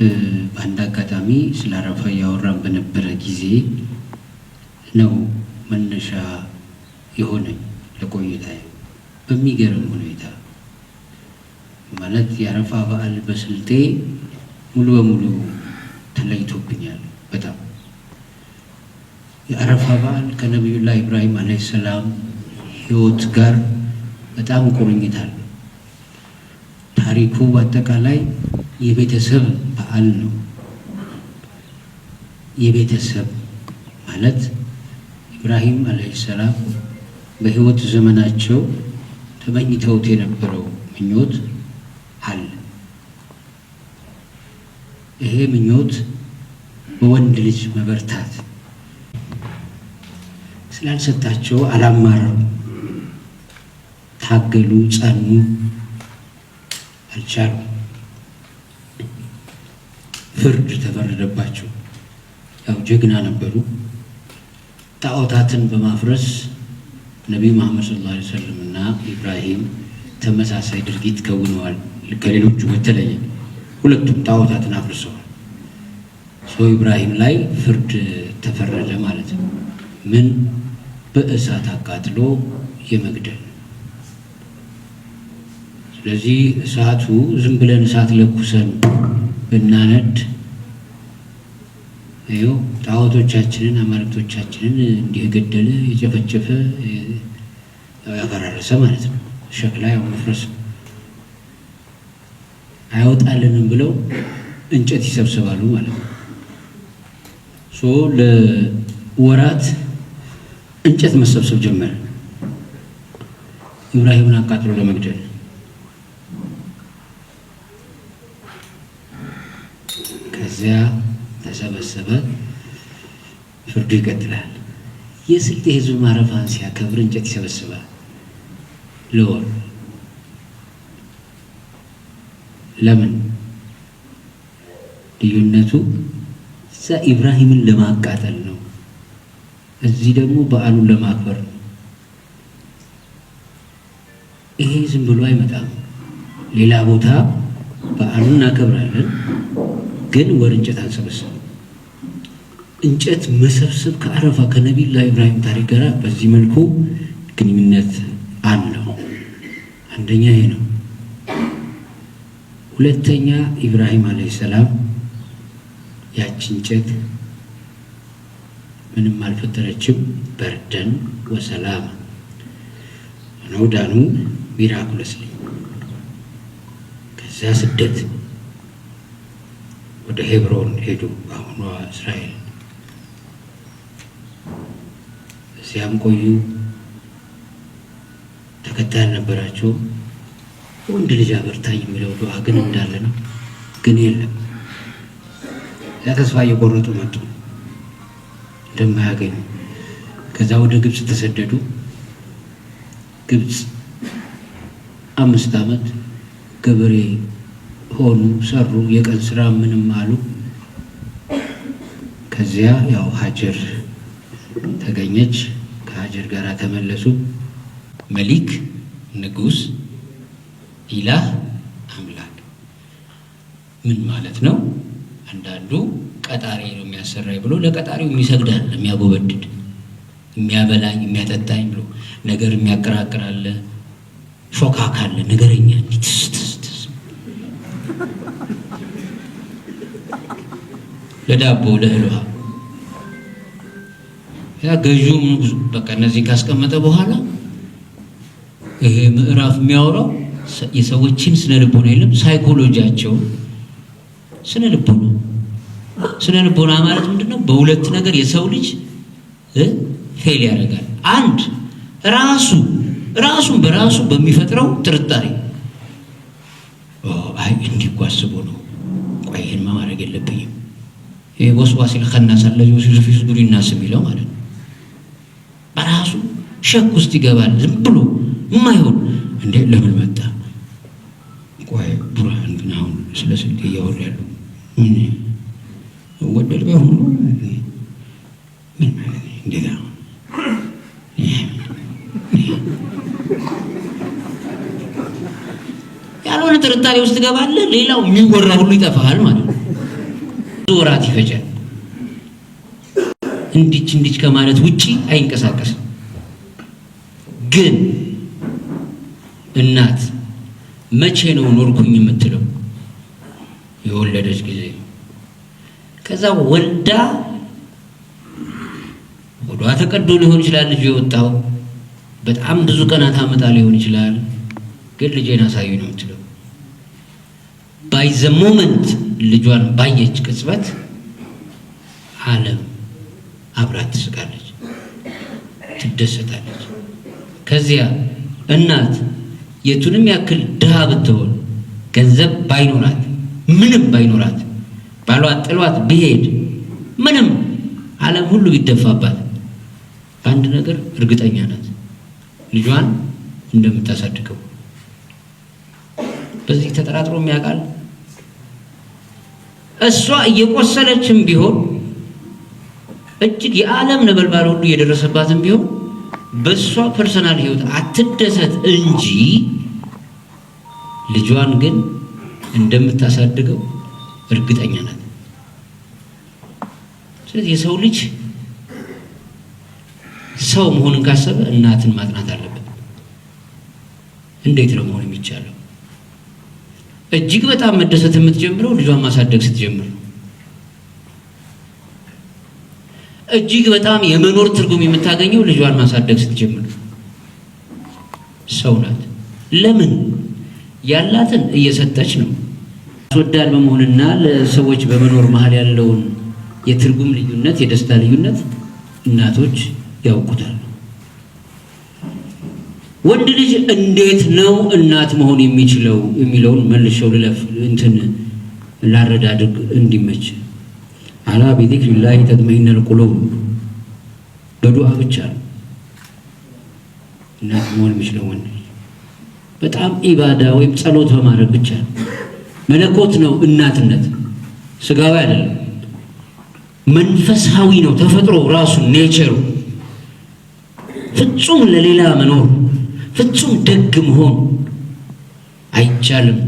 በአንድ አጋጣሚ ስለ አረፋ እያወራን በነበረ ጊዜ ነው መነሻ የሆነኝ ለቆይታ በሚገርም ሁኔታ ማለት የአረፋ በዓል በስልጤ ሙሉ በሙሉ ተለይቶብኛል። በጣም የአረፋ በዓል ከነቢዩላህ ኢብራሂም ዓለይሂ ሰላም ህይወት ጋር በጣም ቁርኝታል። ታሪኩ በአጠቃላይ የቤተሰብ በዓል ነው። የቤተሰብ ማለት ኢብራሂም ዓለይሂ ሰላም በሕይወት ዘመናቸው ተመኝተውት የነበረው ምኞት አለ። ይሄ ምኞት በወንድ ልጅ መበርታት ስላልሰጣቸው አላማረም። ታገሉ፣ ጸኑ፣ አልቻሉ። ፍርድ ተፈረደባቸው። ያው ጀግና ነበሩ። ጣዖታትን በማፍረስ ነቢዩ መሐመድ ሰለላሁ ዓለይሂ ወሰለም እና ኢብራሂም ተመሳሳይ ድርጊት ከውነዋል። ከሌሎቹ በተለየ ሁለቱም ጣዖታትን አፍርሰዋል። ሰው ኢብራሂም ላይ ፍርድ ተፈረደ ማለት ነው። ምን በእሳት አቃጥሎ የመግደል ስለዚህ እሳቱ ዝም ብለን እሳት ለኩሰን ብናነድ ይኸው ጣዖቶቻችንን አማልክቶቻችንን እንዲህ የጨፈጨፈ፣ ያፈራረሰ ማለት ነው። ሸክላ ያው መፍረስ አይወጣልንም ብለው እንጨት ይሰብስባሉ ማለት ነው። ለወራት እንጨት መሰብሰብ ጀመረ፣ ኢብራሂምን አቃጥሎ ለመግደል ከዚያ ተሰበሰበ። ፍርዱ ይቀጥላል። የስልጤ ህዝብ ማረፋን ሲያከብር እንጨት ይሰበስባል። ለወር ለምን? ልዩነቱ እዛ ኢብራሂምን ለማቃጠል ነው፣ እዚህ ደግሞ በዓሉን ለማክበር ነው። ይሄ ዝም ብሎ አይመጣም። ሌላ ቦታ በዓሉን እናከብራለን ግን ወር እንጨት አልሰበሰብም። እንጨት መሰብሰብ ከአረፋ ከነቢላ ኢብራሂም ታሪክ ጋር በዚህ መልኩ ግንኙነት አለው። አንደኛ ይሄ ነው። ሁለተኛ ኢብራሂም አለ ሰላም ያች እንጨት ምንም አልፈጠረችም። በርደን ወሰላም ነው ዳኑ ሚራኩለስሊ ከዛ ስደት ወደ ሄብሮን ሄዱ፣ አሁኗ እስራኤል። እዚያም ቆዩ። ተከታይ አልነበራቸው ወንድ ልጅ አበርታኝ የሚለው ዱዓ ግን እንዳለ ነው። ግን የለም ለተስፋ እየቆረጡ መጡ እንደማያገኙ። ከዛ ወደ ግብፅ ተሰደዱ። ግብፅ አምስት ዓመት ገበሬ ሆኑ፣ ሰሩ፣ የቀን ስራ ምንም አሉ። ከዚያ ያው ሀጀር ተገኘች። ከሀጀር ጋር ተመለሱ። መሊክ ንጉስ፣ ኢላህ አምላክ ምን ማለት ነው? አንዳንዱ ቀጣሪ ነው የሚያሰራኝ ብሎ ለቀጣሪው የሚሰግዳል፣ የሚያጎበድድ፣ የሚያበላኝ፣ የሚያጠጣኝ ብሎ ነገር የሚያቀራቅራለ ሾካካለ ነገረኛ እንዲትስ ለዳቦ ለእህል ያ ገዢውም በቃ እነዚህ ካስቀመጠ በኋላ ይሄ ምዕራፍ የሚያወራው የሰዎችን ስነ ልቦና የለም፣ ሳይኮሎጂያቸው ስነ ልቦና። ስነ ልቦና ማለት ምንድነው? በሁለት ነገር የሰው ልጅ ፌል ያደርጋል። አንድ ራሱ ራሱን በራሱ በሚፈጥረው ጥርጣሬ ፀሐይ እንዲጓስቦ ነው። ቆይ ይህንማ ማድረግ የለብኝም። ይህ ወስዋሲል ከናስ አለዚ ዩሱፍ ሱዱሪ ናስ የሚለው ማለት ነው። በራሱ ሸክ ውስጥ ይገባል። ዝም ብሎ የማይሆን እንዴ ለምን መጣ? ቆይ ቡርሃን ግን አሁን ስለ ስልጤ ያሉ ምን ወደድ ባይሆኑ ጥርጣሬ ውስጥ ገባለ። ሌላው የሚወራ ሁሉ ይጠፋሃል ማለት ነው። ብዙ ወራት ይፈጃል። እንዲች እንዲች ከማለት ውጪ አይንቀሳቀስም። ግን እናት መቼ ነው ኖርኩኝ የምትለው? የወለደች ጊዜ ከዛ ወልዳ ወዷ ተቀዶ ሊሆን ይችላል ልጁ የወጣው በጣም ብዙ ቀናት አመጣ ሊሆን ይችላል። ግን ልጄን አሳዩ ነው የምትለው። ባይ ዘ ሞመንት ልጇን ባየች ቅጽበት አለም አብራት ትስቃለች፣ ትደሰታለች። ከዚያ እናት የቱንም ያክል ድሃ ብትሆን ገንዘብ ባይኖራት ምንም ባይኖራት ባሏ ጥሏት ቢሄድ ምንም አለም ሁሉ ይደፋባት በአንድ ነገር እርግጠኛ ናት፣ ልጇን እንደምታሳድገው። በዚህ ተጠራጥሮ የሚያውቃል እሷ እየቆሰለችም ቢሆን እጅግ የዓለም ነበልባል ሁሉ እየደረሰባትም ቢሆን በእሷ ፐርሰናል ህይወት አትደሰት እንጂ ልጇን ግን እንደምታሳድገው እርግጠኛ ናት። ስለዚህ የሰው ልጅ ሰው መሆንን ካሰበ እናትን ማጥናት አለበት። እንዴት ነው መሆን የሚቻለው? እጅግ በጣም መደሰት የምትጀምረው ልጇን ማሳደግ ስትጀምር፣ እጅግ በጣም የመኖር ትርጉም የምታገኘው ልጇን ማሳደግ ስትጀምር ሰው ናት። ለምን ያላትን እየሰጠች ነው። አስወዳድ በመሆንና ለሰዎች በመኖር መሀል ያለውን የትርጉም ልዩነት፣ የደስታ ልዩነት እናቶች ያውቁታል። ወንድ ልጅ እንዴት ነው እናት መሆን የሚችለው የሚለውን መልሸው ልለፍ እንትን ላረዳድግ እንዲመች አላ ቢዚክሪ ቢዚክሪላሂ ተጥመኢነል ቁሉብ በዱዓ ብቻ ነው እናት መሆን የሚችለው ወንድ ልጅ በጣም ኢባዳ ወይም ጸሎት በማድረግ ብቻ ነው። መለኮት ነው እናትነት፣ ስጋዊ አይደለም፣ መንፈሳዊ ነው። ተፈጥሮ ራሱ ኔቸሩ ፍጹም ለሌላ መኖር ፍጹም ደግ መሆን አይቻልም።